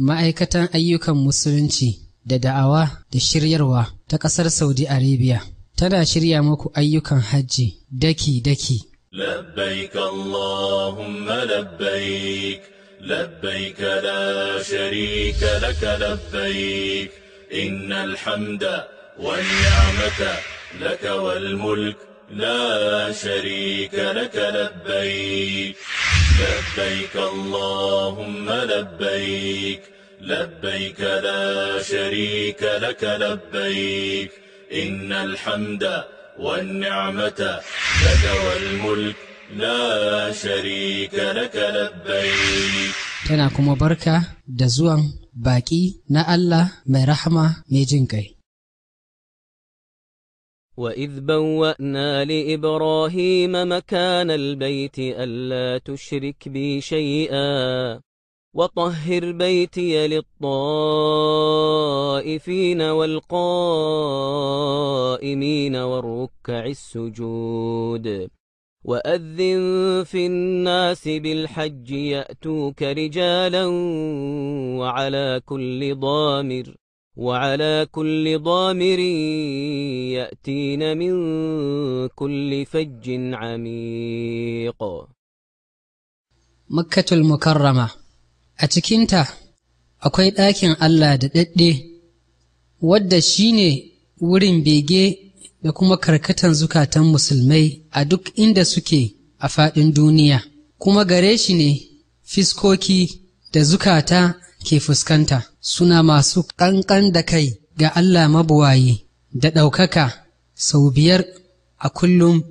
ma'aikatan ayyukan musulunci da da'awa da shiryarwa ta ƙasar saudi arabia tana shirya muku ayyukan hajji daki-daki لبيك اللهم لبيك لبيك لا شريك لك لبيك إن الحمد والنعمة لك والملك لا شريك لك لبيك لبيك اللهم لبيك لبيك لا شريك لك لبيك إن الحمد والنعمة لك والملك لا شريك لك لبيك تناكم وبركة دزوان da نا الله مرحمة Allah وإذ بوأنا لإبراهيم مكان البيت ألا تشرك بي شيئا وطهر بيتي للطائفين والقائمين والركع السجود وأذن في الناس بالحج يأتوك رجالا وعلى كل ضامر وعلى كل ضامر يأتين من كل فج عميق مكة المكرمة أتكنت akwai ɗakin Allah da ɗaɗɗe wadda shi ne wurin bege da kuma karkatan zukatan musulmai a duk inda suke a faɗin duniya kuma gare shi ne fiskoki da zukata ke fuskanta suna masu ƙanƙan da kai ga Allah mabuwayi da ɗaukaka sau biyar a kullum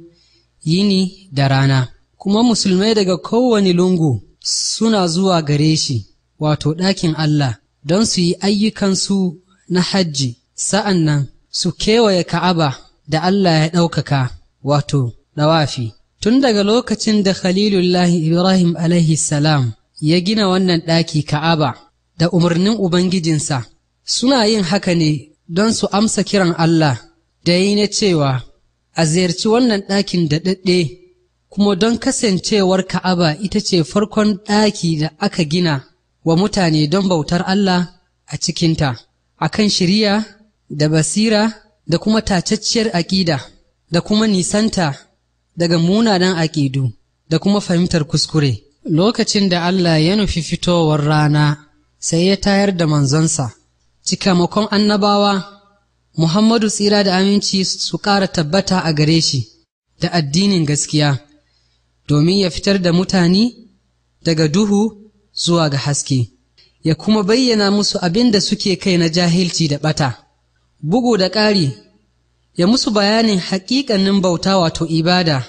yini da rana kuma musulmai daga kowane lungu suna zuwa gare shi wato ɗakin Allah don su yi ayyukansu na hajji sa'an nan su kewaye ka'aba da Allah ya ɗaukaka wato ɗawafi tun daga lokacin da khalilullahi ibrahim alayhi salam ya gina wannan ɗaki ka'aba da umarnin Ubangijinsa, suna yin haka ne don su amsa kiran Allah da yi na cewa, a ziyarci wannan ɗakin da ɗaɗɗe, kuma don kasancewar Ka'aba ita ce farkon ɗaki da aka gina wa mutane don bautar Allah a cikinta, a kan shiriya da basira da kuma tacacciyar aƙida da kuma nisanta daga munanan aƙidu da kuma fahimtar kuskure. Lokacin da Allah ya nufi fitowar rana sai ya tayar da manzonsa cikamakon annabawa Muhammadu tsira da aminci su ƙara tabbata a gare shi da addinin gaskiya domin ya fitar da mutane daga duhu zuwa ga haske ya kuma bayyana musu abin da suke kai na jahilci da ɓata bugu da ƙari ya musu bayanin haƙiƙanin bauta wato ibada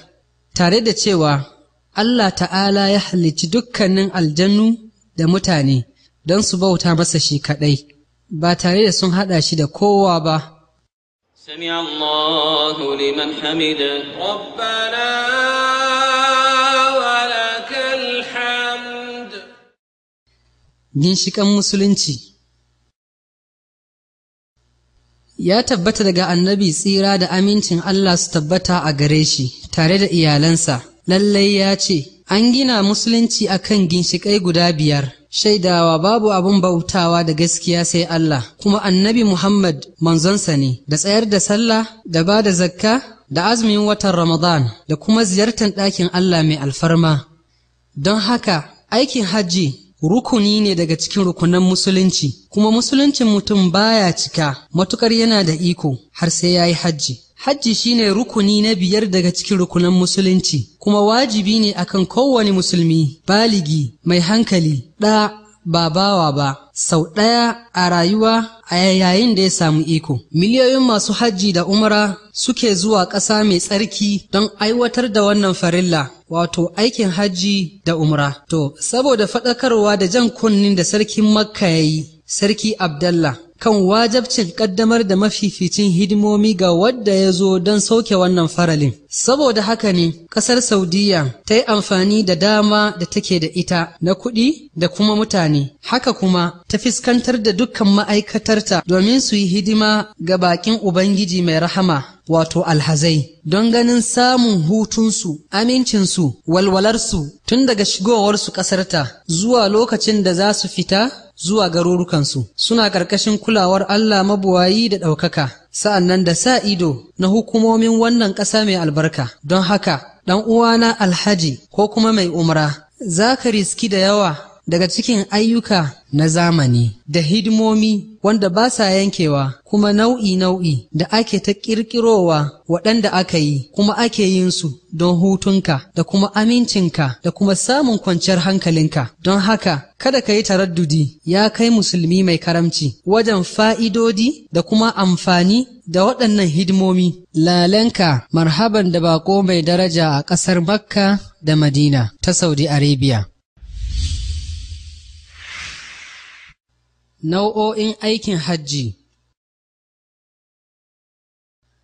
tare da cewa Allah ta'ala ya halicci dukkanin aljannu da mutane don su bauta masa shi kaɗai ba tare da sun haɗa shi da kowa ba سمع الله لمن حمده ربنا ولك الحمد ginshiƙan musulunci ya tabbata daga annabi tsira da amincin Allah su tabbata a gare shi tare da iyalansa lallai ya ce an gina musulunci akan ginshiƙai guda biyar shaidawa babu abin bautawa da gaskiya sai Allah kuma annabi Muhammad manzonsa ne da tsayar da sallah da ba da zakka da azumin watan Ramadan da kuma ziyartar ɗakin Allah mai alfarma don haka aikin hajji rukuni ne daga cikin rukunan musulunci kuma musuluncin mutum baya cika matukar yana da iko har sai ya yi hajji Hajji shi ne rukuni na biyar daga cikin rukunan musulunci, kuma wajibi ne akan kowane musulmi, baligi, mai hankali, ɗa, ba bawa ba, sau ɗaya a rayuwa a yayin da ya samu iko. Miliyoyin masu hajji da umara suke zuwa ƙasa mai tsarki don aiwatar da wannan farilla. wato aikin hajji da umra. To, saboda faɗakarwa da jan kunnin da sarkin Makka ya yi, sarki Abdallah kan wajabcin ƙaddamar da mafificin hidimomi ga wadda ya zo don sauke wannan faralin. Saboda haka ne, ƙasar Saudiyya ta yi amfani da dama da take da ita na kuɗi da kuma mutane, haka kuma ta fiskantar da dukkan ma'aikatarta domin su yi hidima ga baƙin Ubangiji mai rahama. wato alhazai don ganin samun hutunsu amincinsu walwalarsu tun daga shigowarsu ƙasarta zuwa lokacin da za su fita zuwa garurukansu suna ƙarƙashin kulawar Allah mabuwayi da ɗaukaka sa'an nan da sa ido na hukumomin wannan ƙasa mai albarka don haka ɗan uwana alhaji ko kuma mai umra za ka riski da yawa daga cikin ayyuka na zamani da hidimomi wanda ba sa yankewa kuma nau'i-nau'i da ake ta ƙirƙirowa waɗanda aka yi kuma ake yin su don hutunka da kuma amincinka da kuma samun kwanciyar hankalinka don haka kada ka yi taraddudi ya kai musulmi mai karamci wajen fa'idodi da kuma amfani da waɗannan hidimomi lalenka marhaban da bako mai daraja a ƙasar makka da madina ta saudi arabia Nau'o'in aikin hajji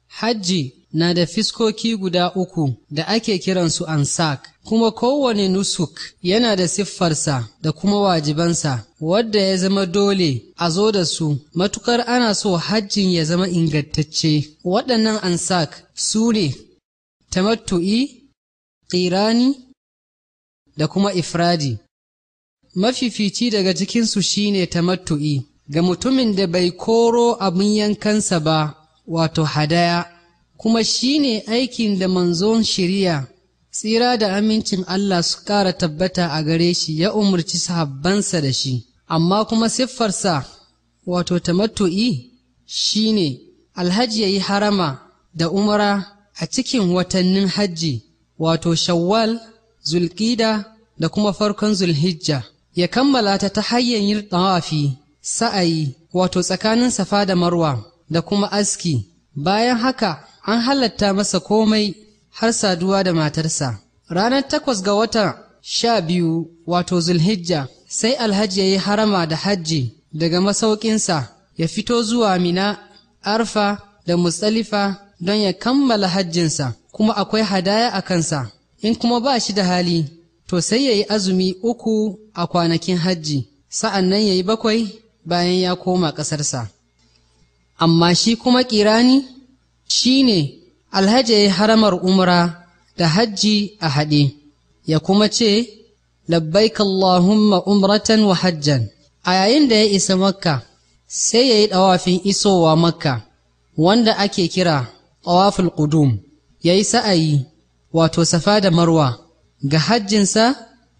Hajji na da fiskoki guda uku da ake kiransu ansak, kuma kowane nusuk yana da siffarsa da kuma wajibansa, wadda ya zama dole a zo da su, matukar ana so hajjin ya zama ingantacce. Waɗannan ansak su ne tamattu'i, ƙirani da kuma ifradi. mafifici daga cikinsu shine tamattu'i ga mutumin da bai koro abin yankansa ba wato hadaya kuma shi ne aikin da manzon shirya tsira da amincin Allah su ƙara tabbata a gare shi ya umarci sahabbansa da shi amma kuma siffarsa wato tamattu'i ne. alhaji ya yi harama da umara a cikin watannin hajji wato shawwal zulƙida da kuma farkon zulhijja ya kammala ta ta hanyar yin tawafi sa'ayi wato tsakanin safa da marwa da kuma aski bayan haka an halatta masa komai har saduwa da matarsa ranar takwas ga wata sha biyu wato zulhijja sai alhaji ya yi harama da hajji daga masauƙinsa, ya fito zuwa mina arfa da mustalifa don ya kammala hajjinsa kuma akwai hadaya a kansa in kuma ba shi da hali to sai ya yi azumi uku a kwanakin hajji sa'an nan ya yi bakwai bayan ya koma ƙasarsa amma shi kuma ƙirani shi ne alhaji ya haramar umra da hajji a haɗe ya kuma ce labbaikallahumma umratan wa hajjan a yayin da ya isa makka sai ya yi ɗawafin isowa makka wanda ake kira ƙawafin ƙudum ya yi sa'ayi wato safa da marwa ga hajjinsa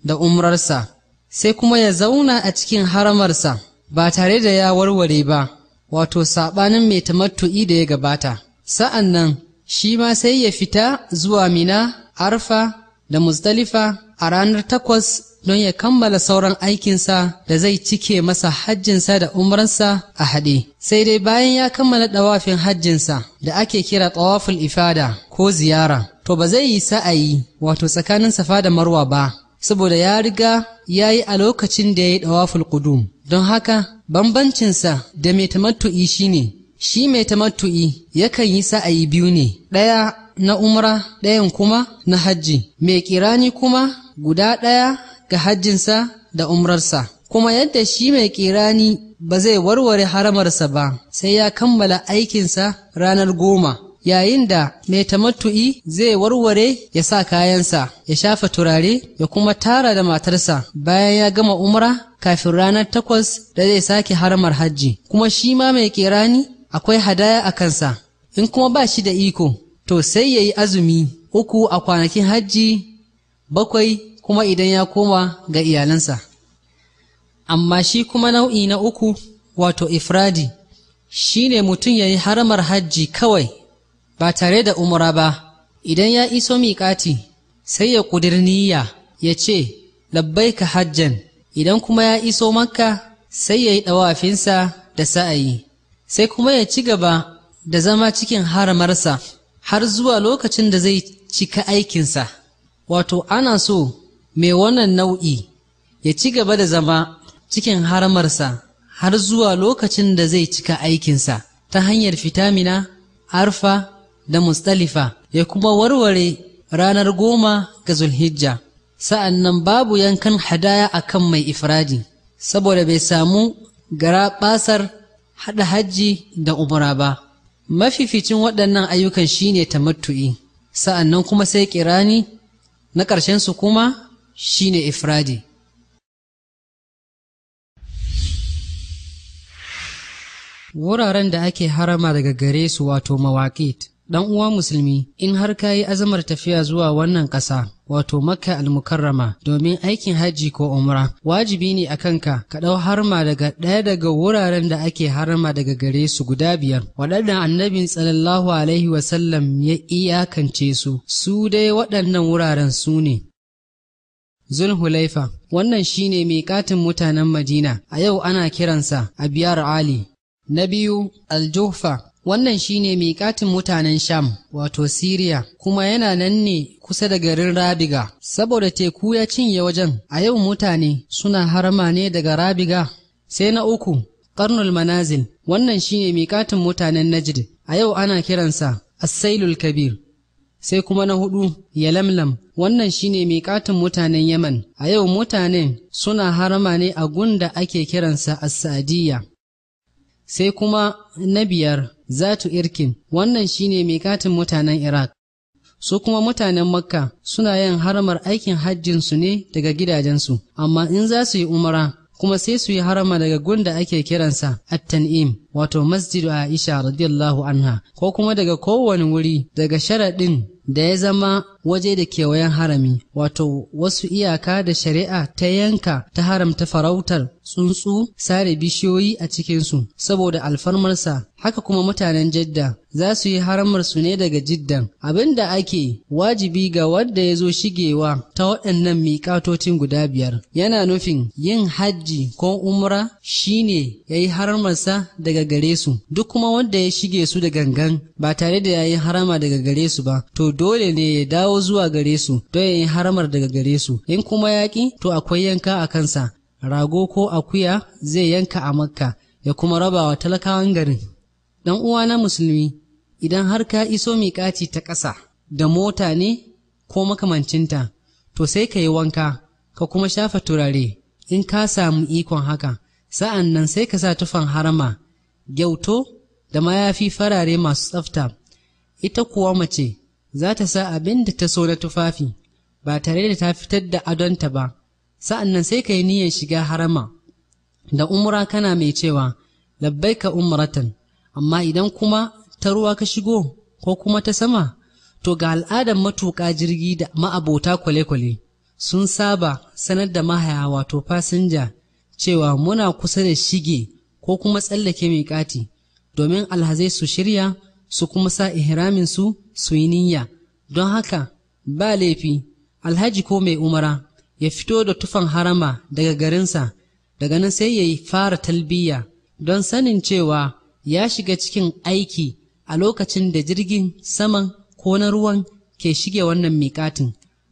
da umrarsa sai kuma ya zauna a cikin haramarsa ba tare da ya warware ba wato saɓanin mai tamattu'i da ya gabata sa'an nan shi ma sai ya fita zuwa mina arfa da muzdalifa a ranar takwas don ya kammala sauran aikinsa da zai cike masa hajjinsa da umransa a haɗe. Sai dai bayan ya kammala ɗawafin hajjinsa da ake kira ɗawaful ifada ko ziyara, to ba zai yi sa'ayi wato tsakanin safa da marwa ba, saboda ya riga ya yi a lokacin da ya yi ɗawaful ƙudum. Don haka, bambancinsa da mai tamattu'i shine shi mai tamattu'i yakan yi sa'ayi biyu ne, ɗaya na umra ɗayan kuma na hajji, mai kirani kuma guda ɗaya ga hajjinsa da umrarsa kuma yadda shi mai kirani ba zai warware haramarsa ba sai ya kammala aikinsa ranar goma yayin da mai tamattu'i zai warware ya sa kayansa ya shafa turare ya kuma tara da matarsa bayan ya gama umra kafin ranar takwas da zai sake haramar hajji kuma shi ma mai kirani akwai hadaya a kansa in kuma ba shi da iko to sai ya yi azumi uku a kwanakin hajji bakwai kuma idan ya koma ga iyalansa amma shi kuma nau'i na uku wato ifradi shi ne mutum ya yi haramar hajji kawai ba tare da umura ba idan ya iso miƙati sai ya ƙudirniya ya ce labbai ka hajjan idan kuma ya iso makka sai ya yi ɗawafinsa da sa'ayi sai kuma ya ci gaba da zama cikin haramarsa har zuwa lokacin da zai cika aikinsa wato ana so mai wannan nau'i ya ci gaba da zama cikin haramarsa har zuwa lokacin da zai cika aikinsa ta hanyar fitamina, arfa da mustalifa ya kuma warware ranar goma ga zulhijja sa'an nan babu yankan hadaya a kan mai ifradi saboda bai samu gara basar haɗa hajji da umra ba mafificin waɗannan ayyukan shine ta sa'an nan kuma sai ƙirani na ƙarshen su kuma shine ifradi wuraren da ake harama daga gare su wato mawaƙit ɗan uwa musulmi in har ka yi azamar tafiya zuwa wannan ƙasa wato makka almukarrama domin aikin hajji ko umra wajibi ne a kanka ka ɗau harma daga ɗaya daga wuraren da ake harama daga gare su guda biyar waɗannan annabin sallallahu alaihi wasallam ya iyakance su su dai waɗannan wuraren su ne Zulhulaifa, wannan shi ne katin mutanen Madina, a yau ana kiransa a biyar Ali. Na biyu, Aljufa, wannan shi ne miƙatin mutanen Sham, wato Siriya, kuma yana nan ne kusa da garin Rabiga, saboda teku ya cinye wajen, a yau mutane suna harama ne daga Rabiga. Sai na uku, Karnul Manazil, wannan shi ne miƙatin mutanen Najd, a yau ana kiransa Sailul Kabir. sai kuma na hudu lamlam wannan shine miƙatin mutanen yaman a yau mutanen suna harama ne a gunda ake kiransa a sadiyya sai kuma na biyar zatu irkin wannan shine miƙatin mutanen iraq su kuma mutanen makka suna yin haramar aikin hajjinsu ne daga gidajensu amma in za su yi umara kuma sai su yi harama daga gunda ake kiransa at-tan'im wato masjidu Aisha radiyallahu anha ko kuma daga kowane wuri daga sharaɗin da ya zama waje da kewayen harami wato wasu iyaka da shari'a ta yanka ta haramta farautar tsuntsu sare bishiyoyi a cikinsu saboda alfarmarsa haka kuma mutanen jidda za su yi haramarsu ne daga jiddan abin da ake wajibi ga wadda ya zo shigewa ta waɗannan miƙatocin guda biyar yana nufin yin hajji ko umra shine ya yi haramarsa daga daga gare su duk kuma wanda ya shige su da gangan ba tare da yayin harama daga gare su ba to dole ne ya dawo zuwa gare su don ya yi haramar daga gare su in kuma yaƙi to akwai yanka a kansa rago ko akuya zai yanka a makka ya kuma raba wa talakawan garin dan uwa na musulmi idan har ka iso miƙaci ta ƙasa da mota ne ko makamancinta to sai ka yi wanka ka kuma shafa turare in ka samu ikon haka sa'an nan sai ka sa tufan harama gyauto da mayafi farare masu tsafta ita kuwa mace za ta sa abin da ta so na tufafi ba tare da ta fitar da adonta ba sa'an nan sai ka yi niyyar shiga harama da umra kana mai cewa labbai ka umratan amma idan kuma ta ruwa ka shigo ko kuma ta sama to ga al'adar matuƙa jirgi da ma'abota kwale-kwale sun saba sanar da mahaya wato fasinja cewa muna kusa da shige ko kuma tsallake mai ƙati domin alhazai su shirya su kuma sa ihramin su yi niyya don haka ba laifi alhaji ko mai umara ya fito da tufan harama daga garinsa daga nan sai ya yi fara talbiya don sanin cewa ya shiga cikin aiki a lokacin da jirgin saman ko na ruwan ke shige wannan miƙatin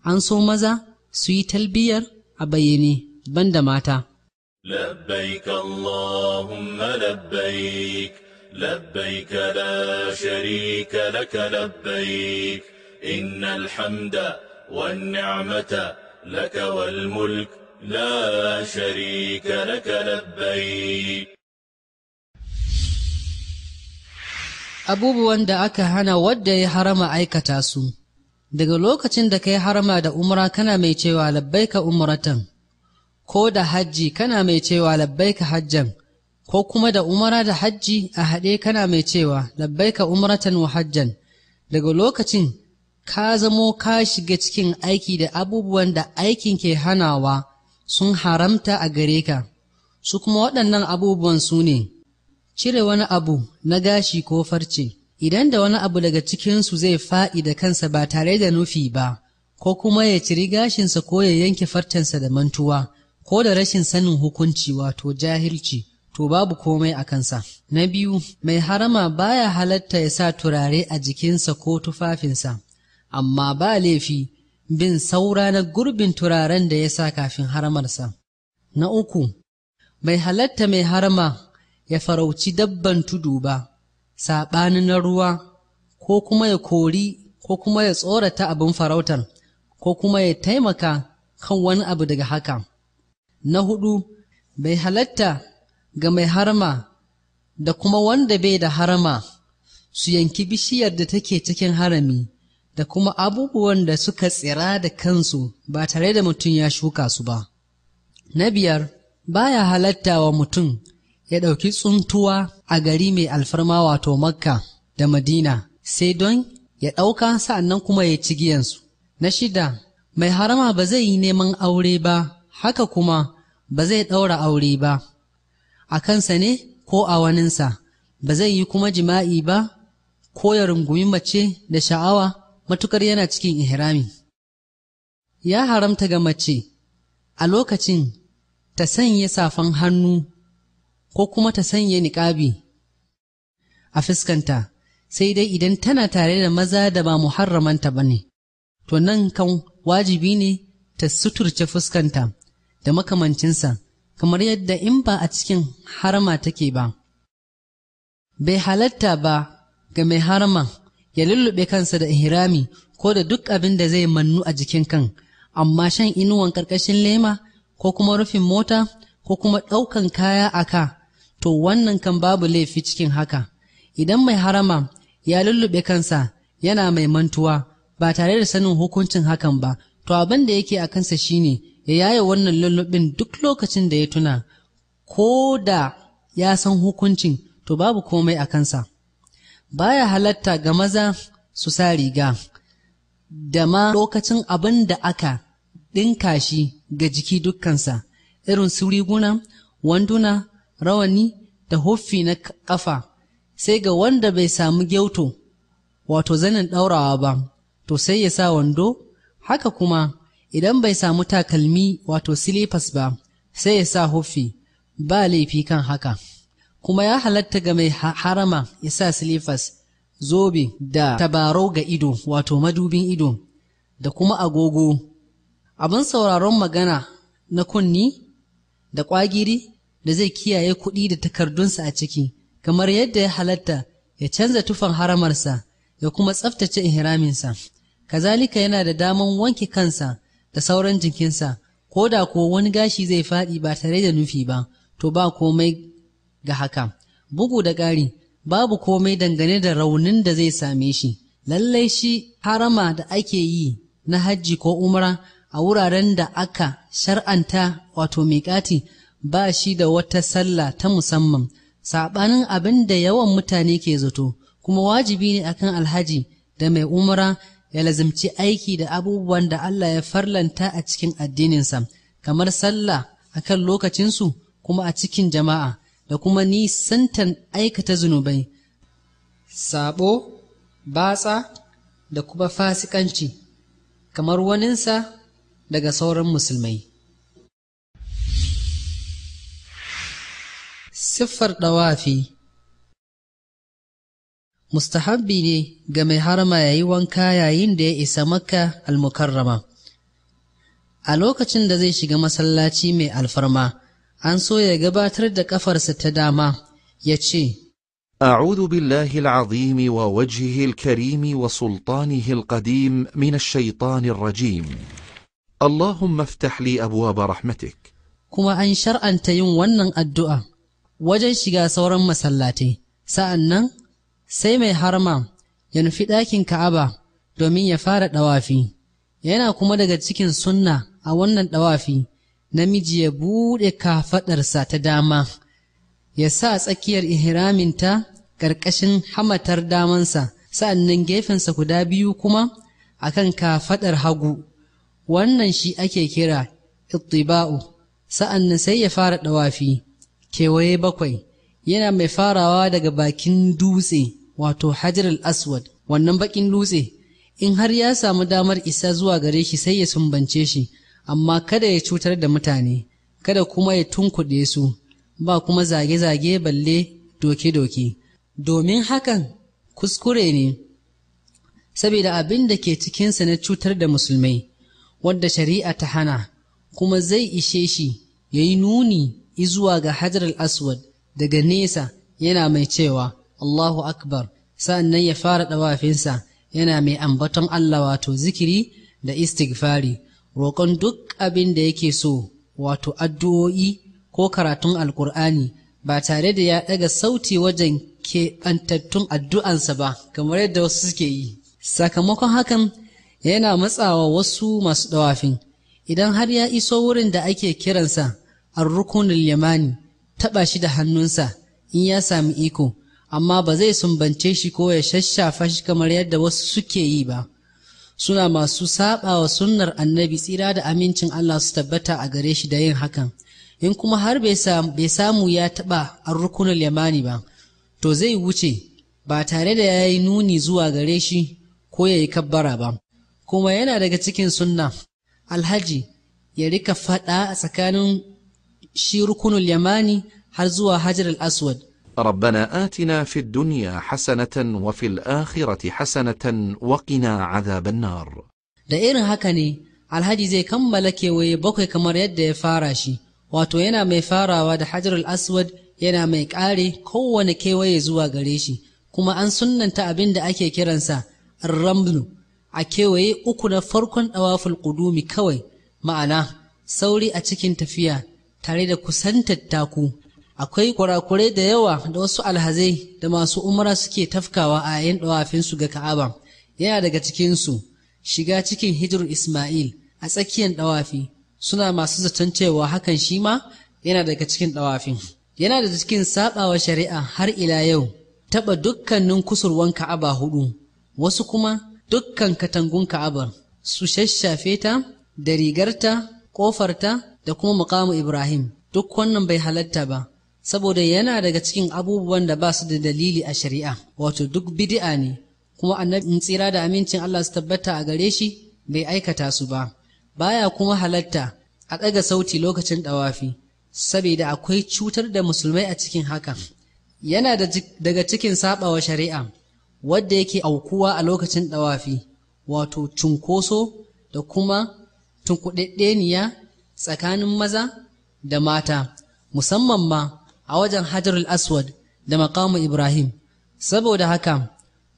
an so maza su yi talbiyar a bayyane banda mata لبيك اللهم لبيك لبيك لا شريك لك لبيك إن الحمد والنعمة لك والملك لا شريك لك لبيك abubuwan da aka hana wadda ya harama aikata su daga lokacin da ka yi harama da umra kana mai cewa labbaika umratan ko da hajji kana mai cewa ka hajjan ko kuma da umara da hajji a haɗe kana mai cewa ka umaratan wa hajjan daga lokacin ka zamo ka shiga cikin aiki da abubuwan da aikin ke hanawa sun haramta a gare ka su kuma waɗannan abubuwan su ne cire wani abu na gashi ko farce idan da wani abu daga cikinsu zai faɗi da kansa ba tare da nufi ba ko kuma ya ciri gashinsa ko ya yanke fartansa da mantuwa ko da rashin sanin hukunci wato jahilci to babu komai a kansa. Na biyu, mai harama baya halatta ya sa turare a jikinsa ko tufafinsa, amma ba laifi bin saura na gurbin turaren da ya sa kafin haramarsa. Na uku, mai halatta mai harama ya farauci dabban tudu ba, saɓani na ruwa, ko kuma ya kori, ko kuma ya tsorata abin farautar, ko kuma ya taimaka kan wani abu daga haka. Na hudu, bai halatta ga mai harma da kuma wanda bai da harma su yanki bishiyar da take cikin harami da kuma abubuwan da suka tsira da kansu ba tare da mutum ya shuka su ba. Na biyar, baya halatta wa mutum ya ɗauki tsuntuwa a gari mai alfarma wato Makka da Madina sai don ya ɗauka sa'annan kuma ya ci giyansu. Na shida, mai harama ba zai yi neman aure ba, haka kuma ba zai ɗaura aure ba a kansa ne ko a waninsa ba zai yi kuma jima'i ba ko ya rungumi mace da sha'awa matukar yana cikin ihrami ya haramta ga mace a lokacin ta sanya safan hannu ko kuma ta sanya niƙabi a fuskanta sai dai idan tana tare da maza da ba muharramanta ba ne to nan kan wajibi ne ta suturce fuskanta da makamancinsa kamar yadda in ba a cikin harama take ba bai halatta ba ga mai harama ya lullube kansa da ihrami ko da duk abin da zai mannu a jikin kan amma shan inuwan ƙarƙashin lema ko kuma rufin mota ko kuma ɗaukan kaya a ka to wannan kan babu laifi cikin haka idan mai harama ya lullube kansa yana mai mantuwa ba tare da sanin hukuncin hakan ba to abin da yake a kansa shine ya yaye wannan lullubin duk lokacin da ya tuna ko da ya san hukuncin to babu komai a kansa baya halatta ga maza su sa riga da ma lokacin abin da aka ɗinka shi ga jiki dukkansa irin su riguna wanduna rawani da huffi na ƙafa sai ga wanda bai samu gyauto wato zanin ɗaurawa ba to sai ya sa wando haka kuma idan bai samu takalmi wato silifas ba sai ya sa hufi ba laifi kan haka kuma ya halatta ga mai harama ya sa silifas zobe da tabarau ga ido wato madubin ido da kuma agogo abin sauraron magana na kunni da ƙwagiri da zai kiyaye kuɗi da takardunsa a ciki kamar yadda ya halatta ya canza tufan haramarsa ya kuma tsaftace ihraminsa kazalika yana da daman wanke kansa da sauran jikinsa ko da ko wani gashi zai faɗi ba tare da nufi ba to ba komai ga haka bugu da ƙari babu komai dangane da raunin da zai same shi lallai shi harama da ake yi na hajji ko umra a wuraren da aka shar'anta wato miƙati ba shi da wata sallah ta musamman saɓanin abin da yawan mutane ke zato kuma wajibi ne akan alhaji da mai umra ya lazimci aiki da abubuwan da Allah ya farlanta a cikin addininsa kamar sallah a kan lokacinsu kuma a cikin jama'a da kuma nisantan aikata zunubai sabo batsa da kuma fasikanci kamar waninsa daga sauran musulmai siffar ɗawafi مستحبي لي جمي هرما أي وانكا يين دي إسا مكة المكرمة ألوكا چند زي شغ مسلا مي الفرما أنسو يغبا تردك أفرس يا يتشي أعوذ بالله العظيم ووجهه الكريم وسلطانه القديم من الشيطان الرجيم اللهم افتح لي أبواب رحمتك كما أن شرعا تيون ونن الدؤى وجه شغا سورا مسلاتي سأنن sai mai harma ya nufi ɗakin Ka'aba domin ya fara ɗawafi, yana kuma daga cikin sunna a wannan ɗawafi, namiji ya buɗe kafaɗarsa ta dama, ya sa tsakiyar ihraminta ƙarƙashin hamatar damansa, sa'annan gefensa guda biyu kuma a kan kafaɗar hagu, wannan shi ake kira ittiba'u, sa'annan sai ya fara ɗawafi, kewaye bakwai, yana mai farawa daga bakin dutse. wato hajar al-aswad wannan bakin dutse in har ya samu damar isa zuwa gare shi sai ya sumbance shi amma kada ya cutar da mutane kada kuma ya tunkuɗe su ba kuma zage-zage balle doke-doke domin hakan kuskure ne saboda abin da ke cikinsa na cutar da musulmai wadda shari'a ta hana kuma zai ishe shi ya yi nuni izuwa ga hajar al-aswad daga nesa yana mai cewa Allahu akbar sa'annan ya fara dawafinsa yana mai ambaton Allah wato zikiri da istighfari roƙon duk abin da yake so wato addu'o'i ko karatun alkur'ani ba tare da ya ɗaga sauti wajen keɓantattun addu'ansa ba kamar yadda wasu suke yi sakamakon hakan yana matsawa wasu masu ɗawafin idan har ya iso wurin da ake kiransa an rukunin yamani taɓa shi da hannunsa in ya sami iko amma ba zai sumbance shi ko ya shashafa shi kamar yadda wasu suke yi ba suna masu saba wa sunnar annabi tsira da amincin Allah su tabbata a gare shi da yin hakan in kuma har bai samu ya taba an rukunin yamani ba to zai wuce ba tare da ya yi nuni zuwa gare shi ko ya yi kabbara ba kuma yana daga cikin sunna alhaji ya rika faɗa a tsakanin shi rukunin yamani har zuwa hajar aswad ربنا آتنا في الدنيا حسنة وفي الآخرة حسنة وقنا عذاب النار da irin haka ne alhaji zai kammala kewaye bakwai kamar yadda ya fara shi wato yana mai farawa da hajarul aswad yana mai ƙare kowane kewaye zuwa gare shi kuma an sunnanta abin da ake kiransa ramlu a kewaye uku na farkon ɗawaful ƙudumi kawai ma'ana sauri a cikin tafiya tare da kusantar taku akwai kurakurai da yawa da wasu alhazai da masu umara suke tafkawa a yayin ɗawafinsu ga ka'aba yana daga cikinsu shiga cikin hijir isma'il a tsakiyar ɗawafi suna masu zaton cewa hakan shi ma yana daga cikin ɗawafi. yana da cikin saɓawa shari'a har ila yau taɓa dukkanin kusurwan ka'aba hudu wasu kuma dukkan katangun ka'abar su shashafe ta da rigarta ƙofarta da kuma muƙamu ibrahim duk wannan bai halatta ba saboda yana daga cikin abubuwan da ba su da dalili a shari'a wato duk bid'a ne kuma annabi tsira da amincin Allah su tabbata a gare shi bai aikata su ba baya kuma halatta a ɗaga sauti lokacin ɗawafi saboda akwai cutar da musulmai a cikin haka yana daga cikin saɓawa shari'a wadda yake aukuwa a lokacin ɗawafi wato cunkoso da kuma tunkuɗaɗɗeniya tsakanin maza da mata musamman ma a wajen hajarul aswad da makamu ibrahim saboda haka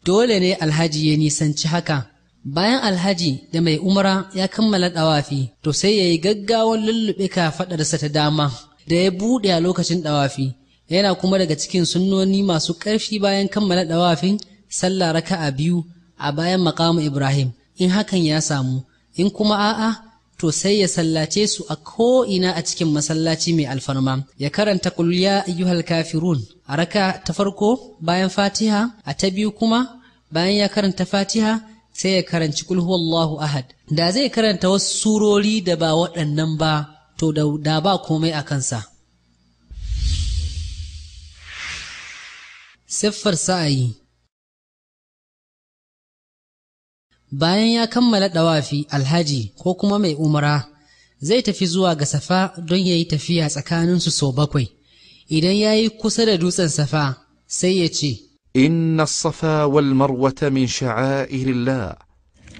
dole ne alhaji ya nisanci haka bayan alhaji da mai umara ya kammala ɗawafi to sai ya yi gaggawan lullube kafaɗarsa ta dama da ya buɗe a lokacin ɗawafi yana kuma daga cikin sunnoni masu ƙarfi bayan kammala ɗawafin sallah raka'a biyu a bayan makamu ibrahim in hakan ya samu in kuma a'a to sai ya sallace su a ko'ina a cikin masallaci mai alfarma ya karanta kul ya ayyuhal kafirun a raka ta farko bayan fatiha a ta biyu kuma bayan ya karanta fatiha sai ya karanci kul ahad da zai karanta wasu surori da ba waɗannan ba to da ba komai a kansa siffar sa'ayi bayan ya kammala dawafi alhaji ko kuma mai umara zai tafi zuwa ga safa don yayi tafiya tsakanin su so bakwai idan yayi kusa da dutsen safa sai ya ce inna safa wal marwata min sha'airillah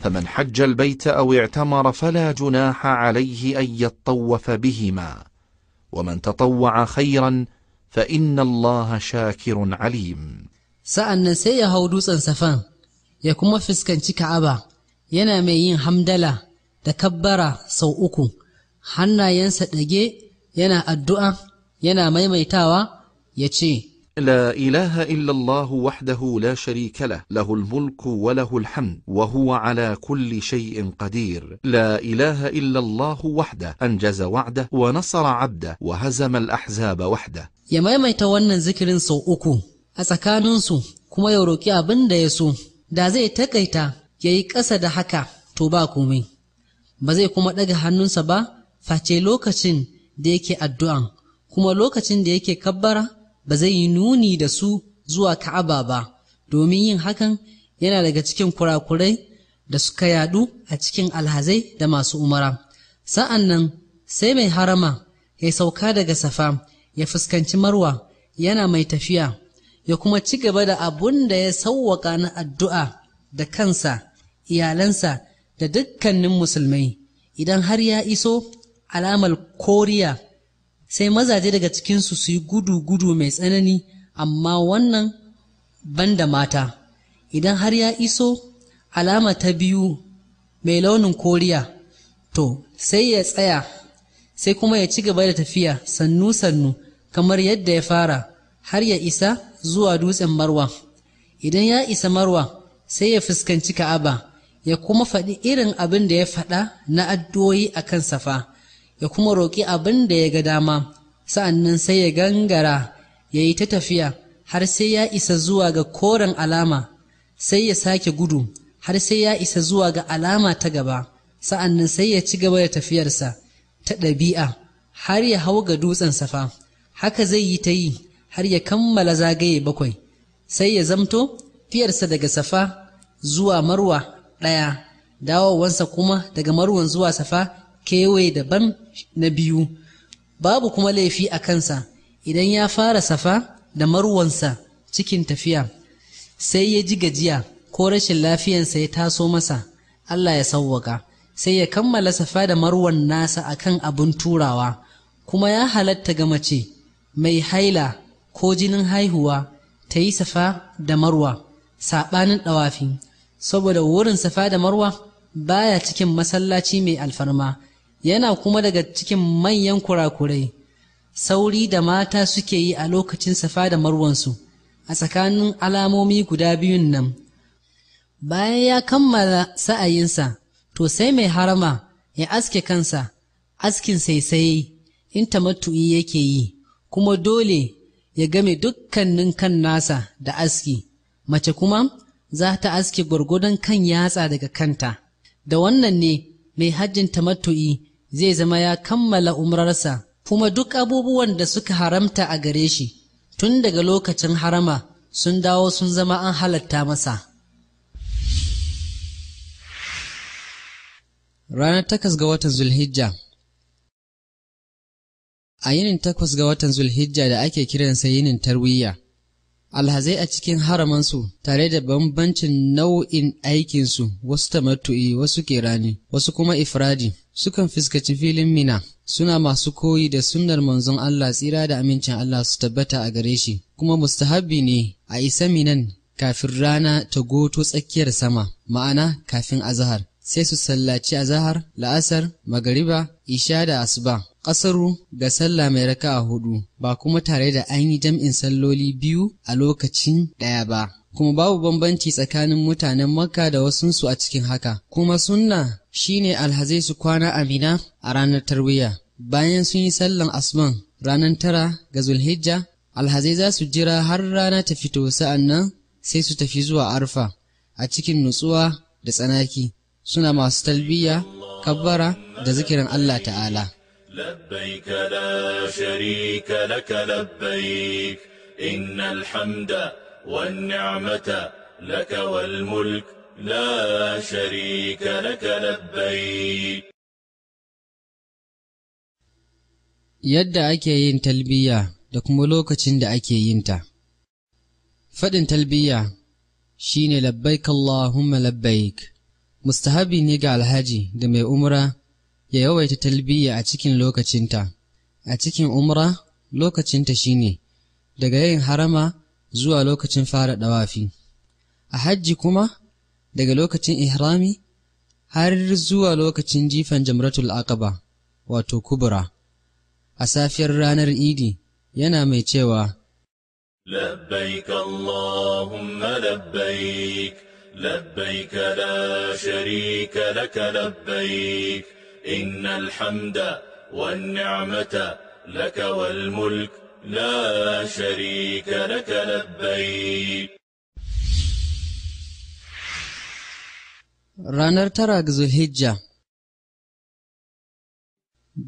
فمن حج البيت أو اعتمر فلا جناح عليه أن يطوف بهما ومن تطوع خيرا فإن الله شاكر عليم سأن nan sai ya ya kuma fuskanci Ka'aba yana mai yin hamdala da kabbara sau uku hannayensa ɗage yana addu'a yana maimaitawa ya ce لا إله إلا الله وحده لا شريك له له الملك وله الحمد وهو على كل شيء قدير لا إله إلا الله وحده أنجز وعده ونصر عبده وهزم الأحزاب وحده يا ما يتوانا ذكر سوء أكو أسكانون سوء كما يروكي أبن ديسو da zai takaita ya yi ƙasa da haka to ba komai ba zai kuma ɗaga hannunsa ba face lokacin da yake addu'an kuma lokacin da yake kabbara ba zai yi nuni da su zuwa ka'aba ba domin yin hakan yana daga cikin kurakurai da suka yadu a cikin alhazai da masu umara sa'an nan sai mai harama ya sauka daga safa ya fuskanci marwa yana mai tafiya ya kuma ci gaba da abun da ya sauwaka na addu'a da kansa iyalansa da dukkanin musulmai idan har ya iso alamar koriya sai mazaje daga cikinsu su yi gudu-gudu mai tsanani amma wannan ban da mata idan har ya iso alama ta biyu mai launin koriya to sai ya tsaya sai kuma ya ci gaba da tafiya sannu-sannu kamar yadda ya fara har ya isa zuwa dutsen marwa idan ya isa marwa sai ya fuskanci ka'aba ya kuma faɗi irin abin da ya faɗa na addu'o'i a kan safa ya kuma roƙi abin da ya ga dama sa'annan sai ya gangara ya yi ta tafiya har sai ya isa zuwa ga koren alama sai ya sake gudu har sai ya isa zuwa ga alama ta gaba sa'annan sai ya ci gaba da tafiyarsa ta ɗabi'a har ya hau ga dutsen safa haka zai yi ta yi har ya kammala zagaye bakwai sai ya zamto fiyarsa daga safa zuwa marwa ɗaya dawowansa kuma daga marwan zuwa safa kewaye daban na biyu babu kuma laifi a kansa idan ya fara safa da marwansa cikin tafiya sai ya ji gajiya ko rashin lafiyansa ya taso masa Allah ya sauwaka sai ya kammala safa da marwan nasa akan abin turawa kuma ya halatta ga mace mai haila ko jinin haihuwa ta yi safa da marwa saɓanin ɗawafi saboda wurin safa da marwa baya cikin masallaci mai alfarma yana kuma daga cikin manyan kurakurai sauri da mata suke yi a lokacin safa da marwansu a tsakanin alamomi guda biyun nan bayan ya kammala sa'ayinsa to sai mai harama ya aske kansa askin saisaye in tamattu'i yake yi kuma dole ya game dukkanin kan nasa da aski mace kuma za ta aske gwargwadon kan yatsa daga kanta da wannan ne mai hajjin tamattu'i zai zama ya kammala umrarsa kuma duk abubuwan da suka haramta a gare shi tun daga lokacin harama sun dawo sun zama an halatta masa ranar takas ga watan zulhijja A yinin takwas ga watan Zulhijja da ake kiransa yinin tarwiyya, alhazai a cikin haramansu tare da bambancin nau'in aikinsu wasu tamattu'i wasu kerani wasu kuma ifradi sukan fuskaci filin mina suna masu koyi da sunnar manzon Allah tsira da amincin Allah su tabbata a gare shi kuma mustahabbi ne a isa minan kafin rana ta goto tsakiyar sama ma'ana kafin azahar sai su sallaci azahar la'asar magariba isha da asuba ƙasaru ga sallah mai raka a hudu ba kuma tare da an yi jam'in salloli biyu a lokacin ɗaya ba kuma babu bambanci tsakanin mutanen makka da wasunsu a cikin haka kuma sunna shine alhazai su kwana amina a ranar tarwiyya bayan sun yi sallan asman ranar tara ga zulhijja alhazai za su jira har rana ta fito sa'an nan sai su tafi zuwa arfa a cikin nutsuwa da tsanaki suna masu talbiya kabbara da zikirin Allah ta'ala لبيك لا شريك لك لبيك إن الحمد والنعمة لك والملك لا شريك لك لبيك Yadda ake yin talbiya da kuma lokacin da ake yin ta Faɗin talbiya shi ne labbaik Allahumma labbaik, mustahabi ne ga alhaji da mai umra ya yawaita talbiya a cikin lokacinta a cikin umra lokacinta shi ne, daga yin harama zuwa lokacin fara ɗawafi, a hajji kuma daga lokacin ihrami har zuwa lokacin jifan jamratul aqaba wato kubura, a safiyar ranar idi yana mai cewa لبيك اللهم لبيك لبيك لا شريك لك لبيك إن الحمد والنعمة لك والملك لا شريك لك لبيك Ranar tara ga Zulhijja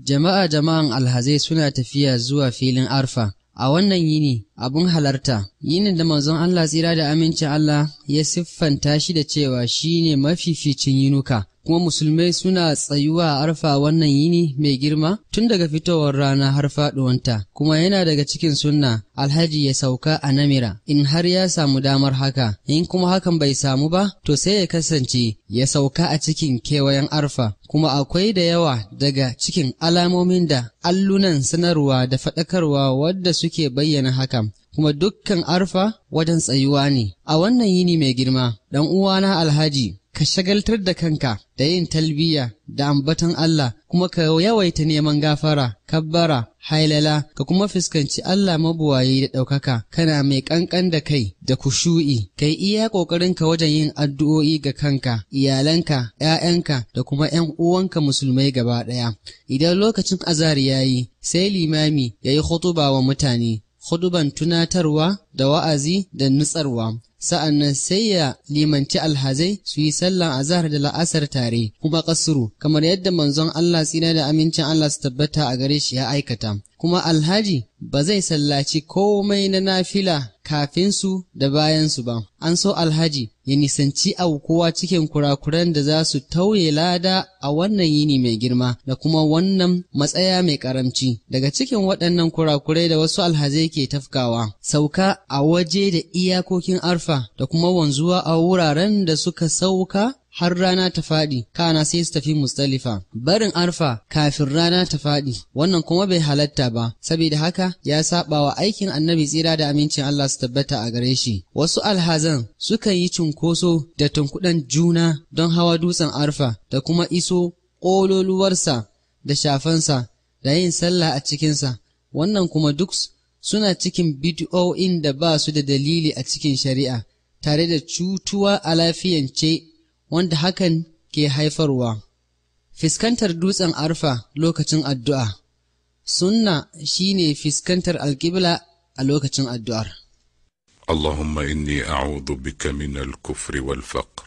Jama'a jama'an alhazai suna tafiya zuwa filin arfa, a wannan yini abun halarta, yinin da manzon Allah tsira da amincin Allah ya siffanta shi da cewa shi ne mafificin yinuka, kuma musulmai suna tsayuwa a arfa wannan yini mai girma tun daga fitowar rana har faɗuwanta kuma yana daga cikin sunna alhaji ya sauka a namira in har ya samu damar haka in kuma hakan bai samu ba to sai ya kasance ya sauka a cikin kewayen arfa kuma akwai da yawa daga cikin alamomin da allunan sanarwa da faɗakarwa wadda suke bayyana haka. kuma dukkan arfa wajen tsayuwa ne a wannan yini mai girma ɗan uwana alhaji ka shagaltar da kanka da yin talbiya da ambatan Allah kuma ka yawaita neman gafara, kabbara, hailala, ka kuma fuskanci Allah mabuwaye da ɗaukaka, kana mai ƙanƙan da kai da kushu'i, ka yi iya ƙoƙarinka wajen yin addu'o'i ga kanka, iyalanka, ‘ya'yanka da kuma ‘yan uwanka musulmai gaba ɗaya. Idan lokacin azar ya yi, sai limami ya yi wa mutane, huduban tunatarwa da wa'azi da nutsarwa sa'an nan sai ya limanci alhazai su yi sallan azahar da la'asar tare kuma kasuru kamar yadda manzon Allah tsina da amincin Allah su tabbata a gare shi ya aikata kuma alhaji ba zai sallaci komai na nafila kafin su da bayansu ba, an so alhaji ya nisanci aukuwa cikin kurakuran da za su tauye lada a wannan yini mai girma da kuma wannan matsaya mai karamci. Daga cikin waɗannan kurakurai da wasu alhazai ke tafkawa, sauka a waje da iyakokin arfa da kuma wanzuwa a wuraren da suka sauka har rana ta faɗi kana sai su tafi mustalifa barin arfa kafin rana ta faɗi wannan kuma bai halatta ba saboda haka ya saba wa aikin annabi tsira da amincin Allah su tabbata a gare shi wasu alhazan sukan yi cunkoso da tunkuɗan juna don hawa dutsen arfa da kuma iso ƙololuwarsa da shafansa da yin sallah a cikinsa wannan kuma duk suna cikin bid'o'in da ba su da dalili a cikin shari'a tare da cutuwa a lafiyance wanda hakan ke haifarwa. Fiskantar dutsen arfa lokacin addu'a Sunna shi ne fiskantar alƙibla a lokacin addu'ar. Allahumma inni a'udhu bika min al-kufri wal faqr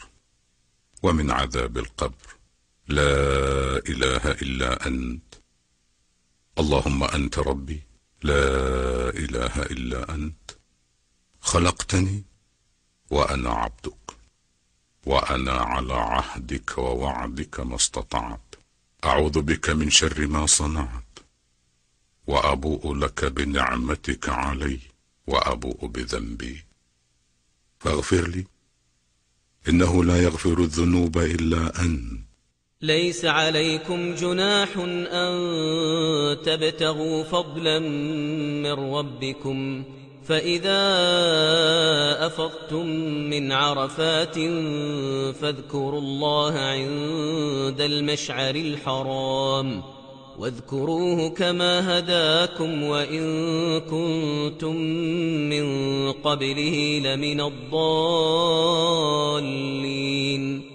wa min azab al-qabr la ilaha illa ant Allahumma anta rabbi la ilaha illa ant خلقتني وأنا عبدك وأنا على عهدك ووعدك ما استطعت أعوذ بك من شر ما صنعت وأبوء لك بنعمتك علي وأبوء بذنبي فاغفر لي إنه لا يغفر الذنوب إلا أن ليس عليكم جناح أن تبتغوا فضلا من ربكم فإذا أفضتم من عرفات فاذكروا الله عند المشعر الحرام واذكروه كما هداكم وإن كنتم من قبله لمن الضالين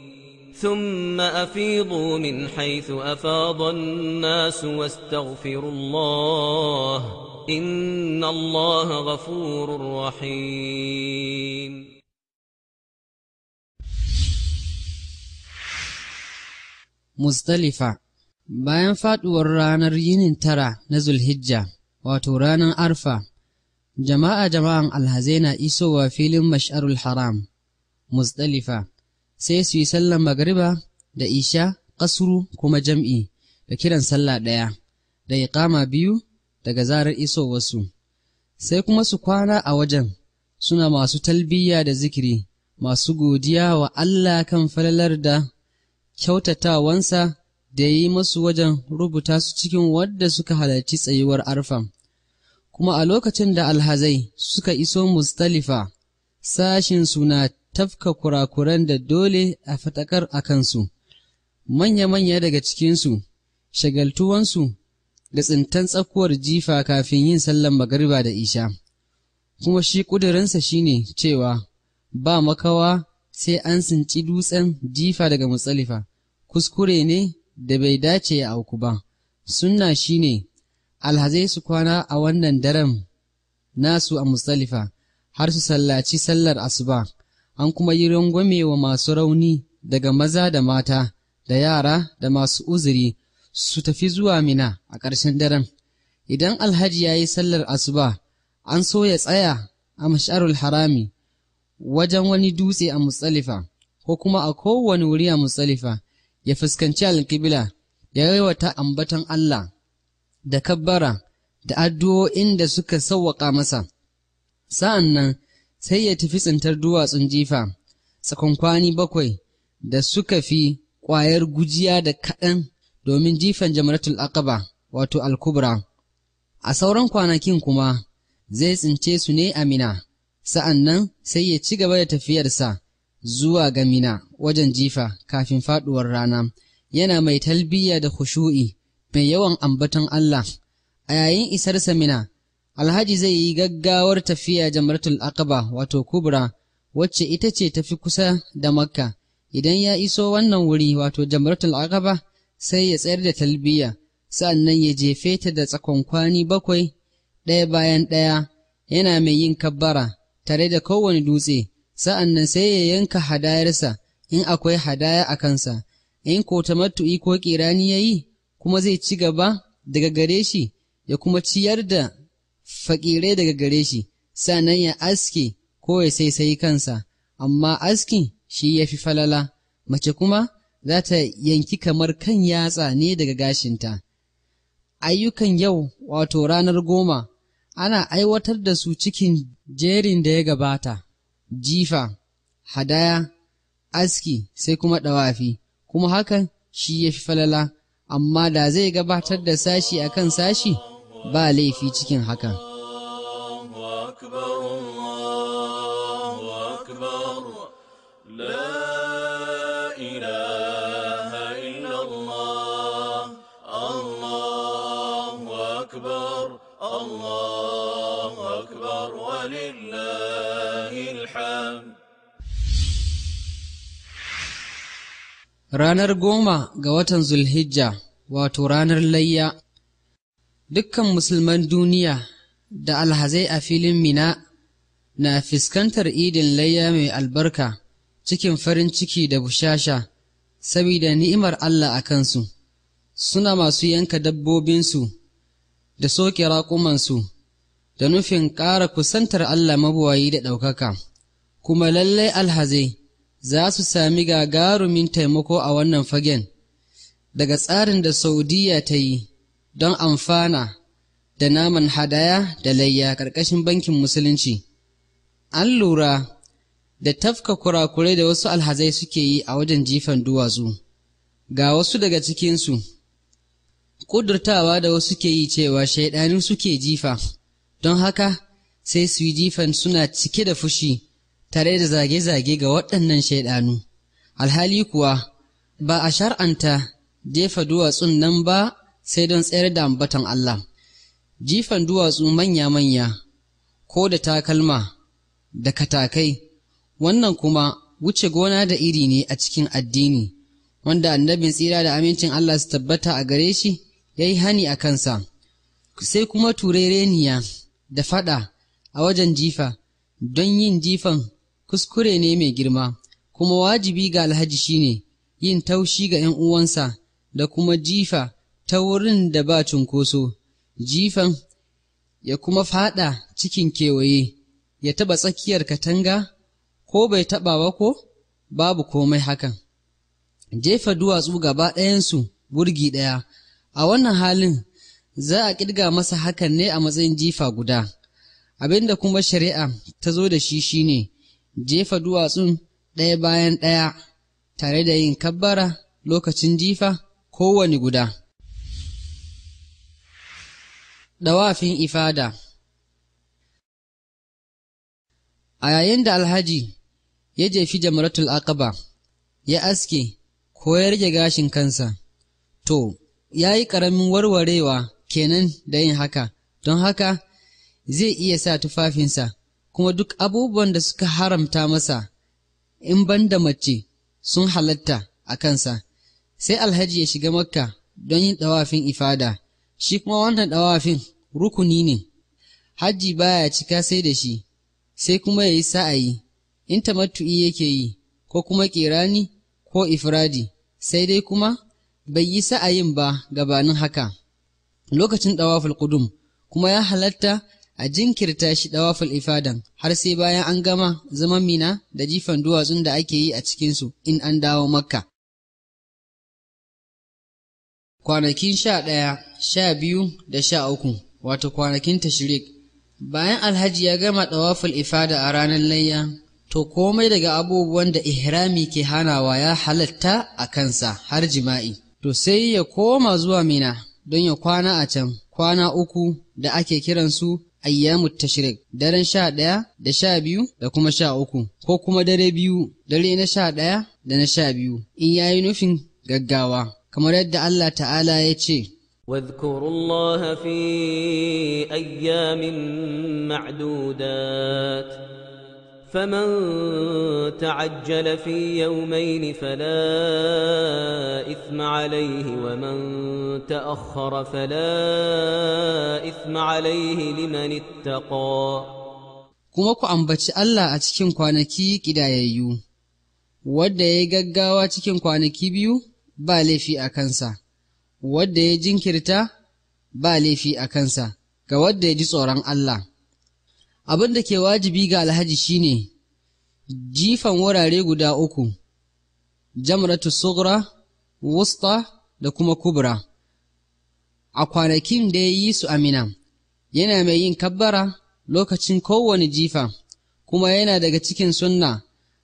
ثم أفيضوا من حيث أفاض الناس واستغفروا الله إن الله غفور رحيم مزدلفة bayan faduwar ranar yinin tara na Zulhijja wato ranar Arfa jama'a jama'an alhazai na isowa filin mash'arul haram Muzdalifa sai su yi sallan magariba da isha kasru kuma jam'i da kiran sallah ɗaya da iqama biyu daga zarar iso wasu. sai kuma su kwana a wajen suna masu talbiya da zikiri, masu godiya wa Allah kan falalar da kyautatawansa da yi masu wajen rubuta su cikin wadda suka halarci tsayuwar arfan Kuma a lokacin da alhazai suka iso Mustalifa, sashin suna tafka kurakuran da dole a fatakar a kansu, manya-manya daga cikinsu, shagaltuwansu da tsintan tsakuwar jifa kafin yin sallan magariba da isha, kuma shi ƙudurinsa shine cewa ba makawa sai an tsinci dutsen jifa daga mutsalifa, kuskure ne da bai dace ya auku ba, sunna shine alhazai su kwana a wannan daren nasu a mutsalifa har su sallaci sallar asuba, an kuma yi rangwame wa masu rauni daga maza da mata, da yara da masu uzuri. su tafi zuwa Mina a ƙarshen daren. Idan Alhaji ya yi sallar asuba, an so ya tsaya a mash'arul harami wajen wani dutse a Mutsalifa, ko kuma a kowane wuri a Mutsalifa, ya fuskanci alƙibla, ya yawata ambaton Allah da kabbara da addu'o'in da suka sawwaƙa masa. Sa'an nan sai ya tafi tsintar duwatsun jifa, tsakon kwani bakwai da suka fi ƙwayar gujiya da kaɗan domin jifan jamratul aqaba wato alkubra a sauran kwanakin kuma zai tsince su ne a mina sa'an nan sai ya ci gaba da tafiyarsa zuwa ga mina wajen jifa kafin faɗuwar rana yana mai talbiya da khushu'i mai yawan ambatan Allah a yayin isarsa mina alhaji zai yi gaggawar tafiya jamratul aqaba wato kubra wacce ita ce tafi kusa da makka idan ya iso wannan wuri wato jamratul aqaba sai ya tsayar da talbiya sa'annan ya jefe ta da tsakonkwani bakwai ɗaya bayan ɗaya yana mai yin kabbara tare da kowane dutse sa'annan sai ya yanka hadayarsa in akwai hadaya a kansa in ko ta matu'i ko ƙirani ya yi kuma zai ci gaba daga gare shi ya kuma ciyar da faƙirai daga gare shi sa’an ya aske ko ya saisayi kansa amma askin shi ya fi falala mace kuma za ta yanki kamar kan yatsa ne daga gashinta. Ayyukan yau wato ranar goma ana aiwatar da su cikin jerin da ya gabata, jifa, hadaya, aski sai kuma ɗawafi, kuma hakan shi ya fi falala, amma da zai gabatar da sashi akan sashi ba laifi cikin hakan. Ranar goma ga watan Zulhijja, wato ranar layya, dukkan musulman duniya da alhazai a filin Mina na fuskantar idin layya mai albarka cikin farin ciki da bushasha, saboda ni'imar Allah a kansu, suna masu yanka dabbobinsu da soke raƙumansu. da nufin ƙara kusantar Allah mabuwayi da ɗaukaka, kuma lallai alhazai za su sami gagarumin taimako a wannan fagen daga tsarin da Saudiya ta yi don amfana da naman hadaya da layya ƙarƙashin bankin Musulunci. An lura da tafka kurakurai da wasu alhazai suke yi a wajen jifan duwatsu, ga wasu daga cikinsu, ƙudurtawa da wasu ke yi cewa shaiɗanu suke jifa. don haka sai su yi jifan suna cike da fushi tare da zage-zage ga waɗannan shaidanu alhali kuwa ba a shar'anta jefa duwatsun nan ba sai don tsayar da ambatan Allah jifan duwatsu manya-manya ko da takalma da katakai wannan kuma wuce gona da iri ne a cikin addini wanda annabin tsira da amincin Allah su tabbata a gare shi ya yi hani a kansa sai kuma turereniya da faɗa a wajen jifa don yin jifan kuskure ne mai girma kuma wajibi ga alhaji shine yin taushi ga ‘yan uwansa da kuma jifa ta wurin da ba cunkoso jifan ya kuma faɗa cikin kewaye ya taɓa tsakiyar katanga ko bai taɓa ba ko babu komai hakan jefa duwatsu gaba ɗayansu burgi ɗaya a wannan halin za a ƙirga masa hakan ne a matsayin jifa guda abinda kuma shari'a ta zo da shi shine jefa duwatsun ɗaya bayan ɗaya tare da yin kabbara lokacin jifa kowane guda Ɗawafin ifada A yayin da Alhaji ya jefi jamaratul aqaba ya aske ko ya rage gashin kansa, to, ya yi ƙaramin warwarewa kenan da yin haka, don haka zai iya sa tufafinsa, kuma duk abubuwan da suka haramta masa in ban da mace sun halatta a kansa, sai alhaji ya shiga makka don yin ɗawafin ifada, shi kuma wannan ɗawafin rukuni ne, hajji baya cika sai da shi, sai kuma ya yi sa'ayi, in tamattu'i yake yi, ko kuma ƙirani ko ifradi, sai dai kuma bai yi sa'ayin ba gabanin haka. lokacin ɗawafil ƙudum kuma ya halatta a jinkirta shi ɗawafil ifadan har sai bayan an gama zaman mina da jifan duwatsun da ake yi a cikinsu in an dawo makka kwanakin sha ɗaya sha biyu da sha uku wato kwanakin tashirik bayan alhaji ya gama ɗawafil ifada a ranar layya to komai daga abubuwan da ihrami ke hanawa ya halatta a kansa har jima'i to sai ya koma zuwa mina don ya kwana a can kwana uku da ake kiransu ayyamut tashrik daren sha ɗaya da sha biyu da kuma sha uku ko kuma dare biyu dare na sha ɗaya da na sha biyu in ya yi nufin gaggawa kamar yadda Allah ta'ala ya ce واذكروا الله في أيام معدودات فمن تعجل في يومين فلا إثم عليه ومن تأخر فلا إثم عليه لمن اتقى kuma ku ambaci Allah a cikin kwanaki ƙidayayyu, wadda ya gaggawa cikin kwanaki biyu ba laifi a kansa, wadda ya jinkirta ba laifi a kansa, ga wadda ya ji tsoron Allah. abin da ke wajibi ga alhaji shine jifan wurare guda uku jamratu sugra wusta da kuma kubra a kwanakin da ya yi su amina yana mai yin kabbara lokacin kowane jifa kuma yana daga cikin sunna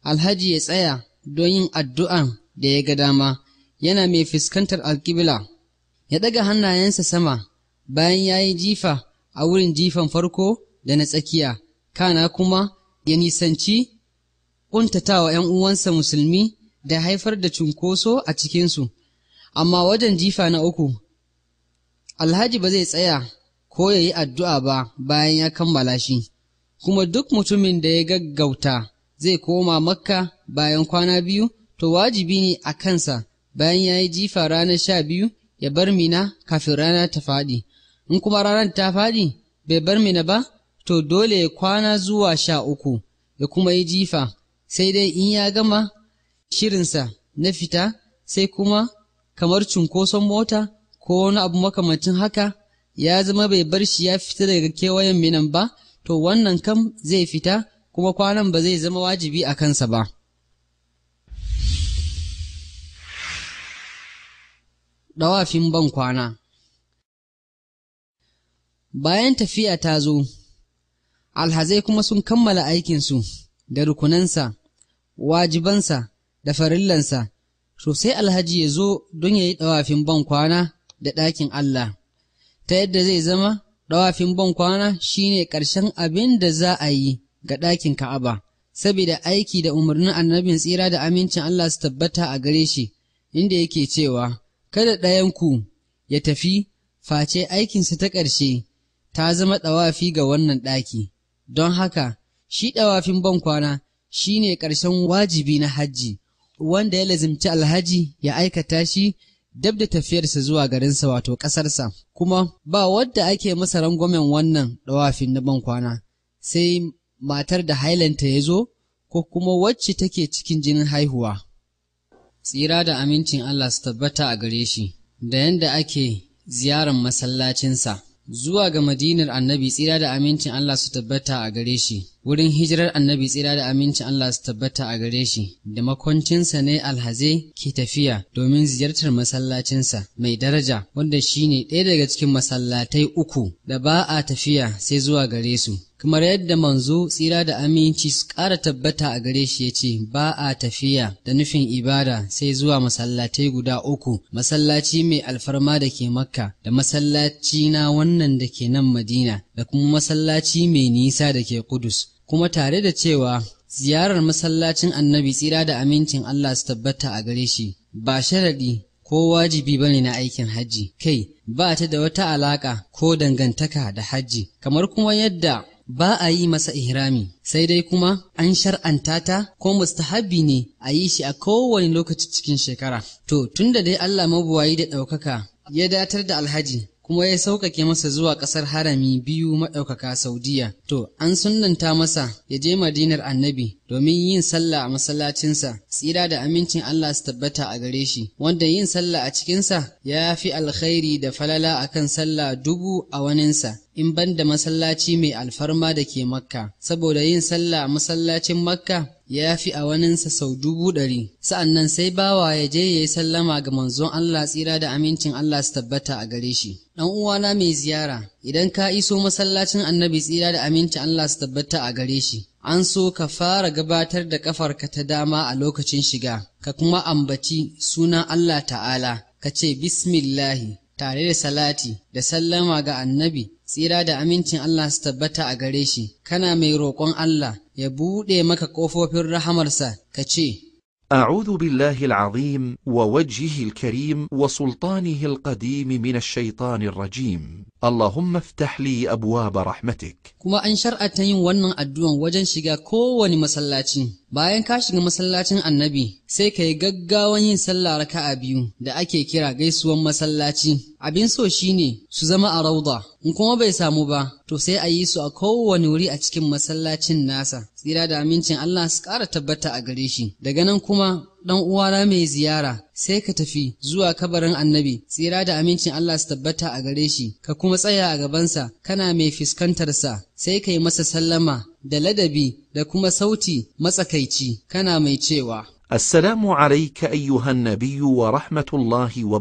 alhaji ya tsaya don yin addu'an da ya ga dama yana mai fuskantar alkibla ya ɗaga hannayensa sama bayan ya yi jifa a wurin jifan farko da na tsakiya kana kuma ya nisanci ƙuntatawa ‘yan uwansa musulmi da haifar da cunkoso a cikinsu, amma wajen jifa na uku, alhaji ba zai tsaya ko ya yi addu'a ba bayan ya kammala shi, kuma duk mutumin da ya gaggauta zai koma makka bayan kwana biyu, to wajibi ne a kansa bayan ya yi jifa ranar sha biyu ya bar mina kafin rana ta faɗi, in kuma ranar ta faɗi bai bar mina ba, to dole ya kwana zuwa sha uku ya kuma yi jifa sai dai in ya gama shirinsa na fita sai kuma kamar cunkoson mota ko wani abu makamancin haka ya zama bai bar shi ya fita daga kewayen minan ba to wannan kam zai fita kuma kwanan ba zai zama wajibi a kansa ba Dawafin ban kwana bayan tafiya ta zo alhazai kuma sun kammala aikinsu da rukunansa wajibansa da farillansa to sai alhaji ya zo don ya yi ɗawafin ban kwana da ɗakin Allah ta yadda zai zama ɗawafin ban kwana shine ƙarshen abin da za a yi ga ɗakin Ka'aba saboda aiki da umarnin annabin tsira da amincin Allah su tabbata a gare shi inda yake cewa kada ɗayanku ya tafi face aikinsa ta ƙarshe ta zama ɗawafi ga wannan ɗaki don haka shi ɗawafin ban kwana shi ne ƙarshen wajibi na hajji wanda ya lazimci alhaji ya aikata shi dab da tafiyarsa zuwa garinsa wato ƙasarsa kuma ba wadda ake masa rangwamen wannan ɗawafin na ban kwana, sai matar da hailanta ya zo ko kuma wacce take cikin jinin haihuwa tsira da amincin Allah su tabbata a gare shi da yadda ake ziyarar masallacinsa zuwa ga madinar annabi tsira da amincin Allah su tabbata a gare shi wurin hijirar annabi tsira da amincin Allah su tabbata a gare shi da makwancinsa ne alhaze ke tafiya domin ziyartar masallacinsa mai daraja wanda shine ɗaya daga cikin masallatai uku da ba a tafiya sai zuwa gare su kamar yadda manzo tsira da aminci su ƙara tabbata a gare shi ya ce ba a tafiya da nufin ibada sai zuwa masallatai guda uku masallaci mai alfarma da ke makka da masallaci na wannan da ke nan madina da kuma masallaci mai nisa da ke kudus kuma tare da cewa ziyarar masallacin annabi tsira da amincin allah su tabbata a gare shi ba sharaɗi ko wajibi ba na aikin hajji kai ba ta da wata alaƙa ko dangantaka da hajji kamar kuma yadda ba a yi masa ihrami sai dai kuma an shar'anta ta ko mustahabi ne a yi shi a kowane lokaci cikin shekara to tunda dai Allah mabuwayi da ɗaukaka ya datar da alhaji kuma ya sauƙaƙe masa zuwa ƙasar harami biyu maɗaukaka Saudiya. To, an sunanta masa ya je madinar annabi domin yin sallah a masallacinsa, tsira da amincin Allah su tabbata a gare shi, wanda yin sallah a cikinsa ya fi alkhairi da falala akan sallah dubu a waninsa. in ban da masallaci mai alfarma da ke makka saboda yin sallah a masallacin makka ya fi a waninsa sau dubu ɗari Sa'annan sai bawa ya je ya yi sallama ga manzon Allah tsira da amincin Allah su tabbata a gare shi ɗan uwana mai ziyara idan ka iso masallacin annabi tsira da amincin Allah su tabbata a gare shi an so ka fara gabatar da kafarka ta dama a lokacin shiga ka kuma ambaci sunan Allah ta'ala ka ce bismillahi tare da salati da sallama ga annabi tsira da amincin Allah su tabbata a gare shi, kana mai roƙon Allah ya buɗe maka ƙofofin rahamarsa, ka ce, أعوذ بالله العظيم ووجهه الكريم وسلطانه القديم من الشيطان الرجيم اللهم افتح لي أبواب رحمتك كما أنشر شرعتين ونن أدوان وجن شغا كوان مسلاتين باين كاشغ مسلاتين النبي سيكي ققا ونين سلا ركا أبيو دا أكي كرا غيسوا مسلاتين abin so shi ne su zama a rauda in kuma bai samu ba to sai a yi su a kowane wuri a cikin masallacin nasa tsira da amincin Allah su ƙara tabbata a gare shi daga nan kuma ɗan uwana mai ziyara sai ka tafi zuwa kabarin annabi tsira da amincin Allah su tabbata a gare shi ka kuma tsaya a gabansa kana mai fuskantarsa sai ka yi masa sallama da ladabi da kuma sauti matsakaici kana mai cewa Assalamu alaika ayyuhan wa rahmatullahi wa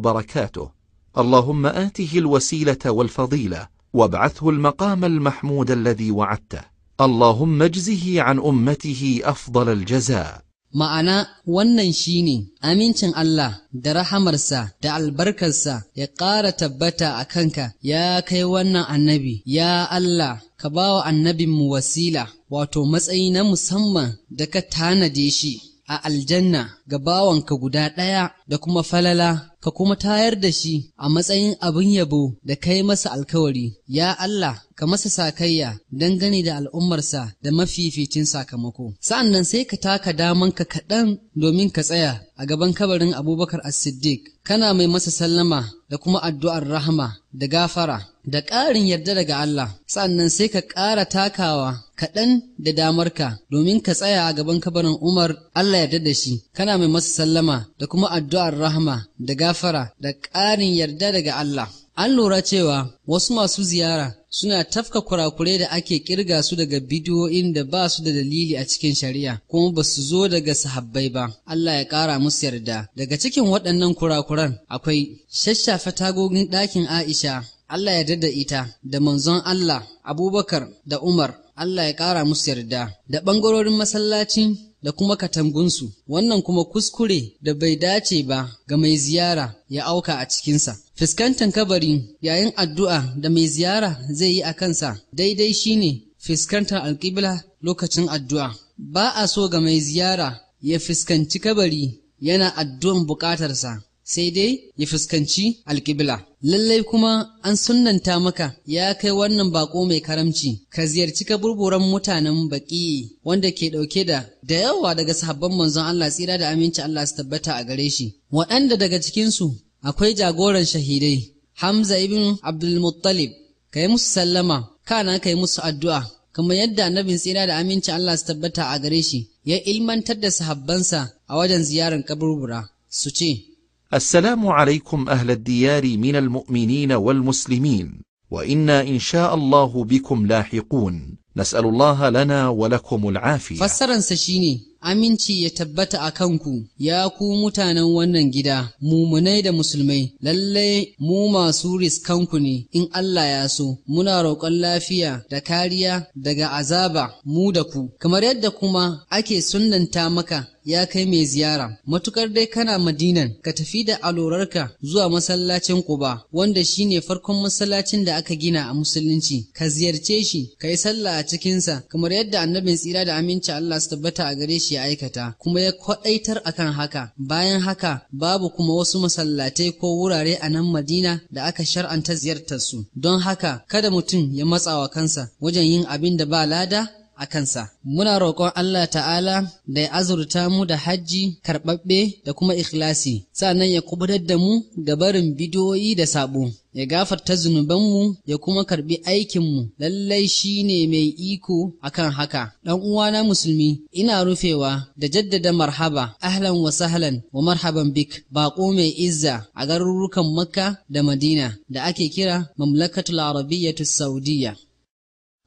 اللهم آته الوسيلة والفضيلة وابعثه المقام المحمود الذي وعدته اللهم اجزه عن أمته أفضل الجزاء Ma'ana wannan shi ne amincin Allah da rahamarsa da albarkarsa ya ƙara tabbata a kanka ya kai wannan annabi, ya Allah ka ba wa annabinmu wasila wato matsayi na musamman da ka tanade shi. a aljanna ga bawanka guda ɗaya da kuma falala ka kuma tayar da shi a matsayin abin yabo da kai masa alkawari ya Allah ka masa sakayya dangane da al'ummarsa da mafificin sakamako sa'an sai ka taka damanka kaɗan domin ka tsaya a gaban kabarin abubakar as-siddiq kana mai masa sallama da kuma addu'ar rahama da gafara da ƙarin yarda daga Allah sannan sai ka ƙara takawa kaɗan da damarka domin ka tsaya a gaban kabarin Umar Allah yarda da shi kana mai masa sallama da kuma addu'ar rahama da gafara da ƙarin yarda daga Allah An lura cewa wasu masu ziyara suna tafka kurakurai da ake kirga su daga bidiyoyin da ba su da dalili a cikin shari'a kuma ba su zo daga sahabbai ba Allah ya ƙara musu yarda daga cikin waɗannan kurakuran akwai shashafa tagogin ɗakin Aisha Allah ya dada ita da manzon Allah Abubakar da Umar Allah ya ƙara musu yarda da ɓangarorin masallacin da kuma katangunsu wannan kuma kuskure da bai dace ba ga mai ziyara ya auka a cikinsa Fiskantan kabari yayin addu'a da mai ziyara zai yi a kansa daidai shi ne fuskantar alƙibla lokacin addu'a ba a so ga mai ziyara ya fuskanci kabari yana addu'an buƙatarsa sai dai ya fuskanci alƙibla. Lallai kuma an sunanta maka ya kai wannan baƙo mai karamci, ka ziyarci kaburburan mutanen baƙi wanda ke ɗauke da da yawa daga sahabban manzon Allah tsira da aminci Allah su tabbata a gare shi. Waɗanda daga cikinsu akwai jagoran shahidai, Hamza ibn Abdulmuttalib, ka yi musu sallama, kana ka yi musu addu'a, kamar yadda annabin tsira da aminci Allah su tabbata a gare shi, ya ilmantar da sahabbansa a wajen ziyarar kaburbura, su ce, السلام عليكم أهل الديار من المؤمنين والمسلمين وإنا إن شاء الله بكم لاحقون نسأل الله لنا ولكم العافية سشيني Aminci ya tabbata a kanku, ya ku mutanen wannan gida, mumunai da musulmai, Lallai, mu masu riskanku ne, in Allah ya so, muna roƙon lafiya da kariya daga azaba mu da ku, kamar yadda kuma ake sunanta maka ya kai mai ziyara matukar dai kana madinan ka tafi da alorarka zuwa masallacin ƙuba wanda shi ne farkon masallacin da aka gina a musulunci ka ziyarce shi ka yi sallah a cikinsa kamar yadda annabin tsira da aminci Allah su tabbata a gare shi yake aikata kuma ya kwaɗaitar akan haka bayan haka babu kuma wasu masallatai ko wurare a nan madina da aka shar'anta ziyartar su don haka kada mutum ya matsawa kansa wajen yin abin da ba lada a kansa. Muna roƙon Allah ta'ala da ya azurta mu da hajji karɓaɓɓe da kuma ikhlasi, sa'annan ya kubutar da mu ga barin bidiyoyi da sabo ya gafarta zunubanmu ya kuma karbi aikinmu lallai shi ne mai iko akan haka ɗan uwana musulmi ina rufewa da jaddada marhaba ahlan wa sahlan wa marhaban bik baƙo mai izza a garurrukan makka da madina da ake kira mamlakatul arabiyyatu saudiyya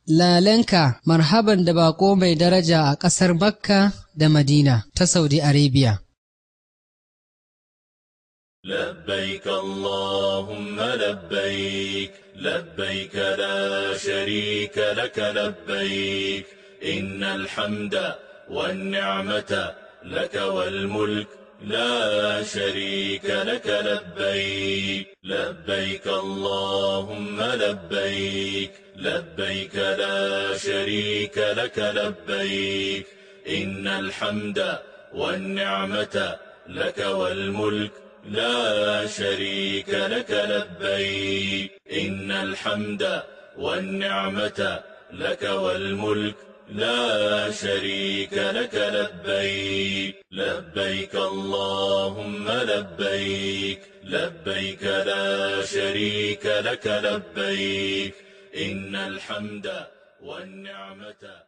lalenka marhaban da bako mai daraja a ƙasar Makka da Madina ta Saudi Arabia. لبيك اللهم لبيك لبيك لا شريك لك لبيك إن الحمد والنعمة لك والملك لا شريك لك لبيك لبيك اللهم لبيك لبيك لا شريك لك لبيك إن الحمد والنعمة لك والملك لا شريك لك لبيك إن الحمد والنعمة لك والملك لا شريك لك لبيك لبيك اللهم لبيك لبيك لا شريك لك لبيك إن الحمد والنعمة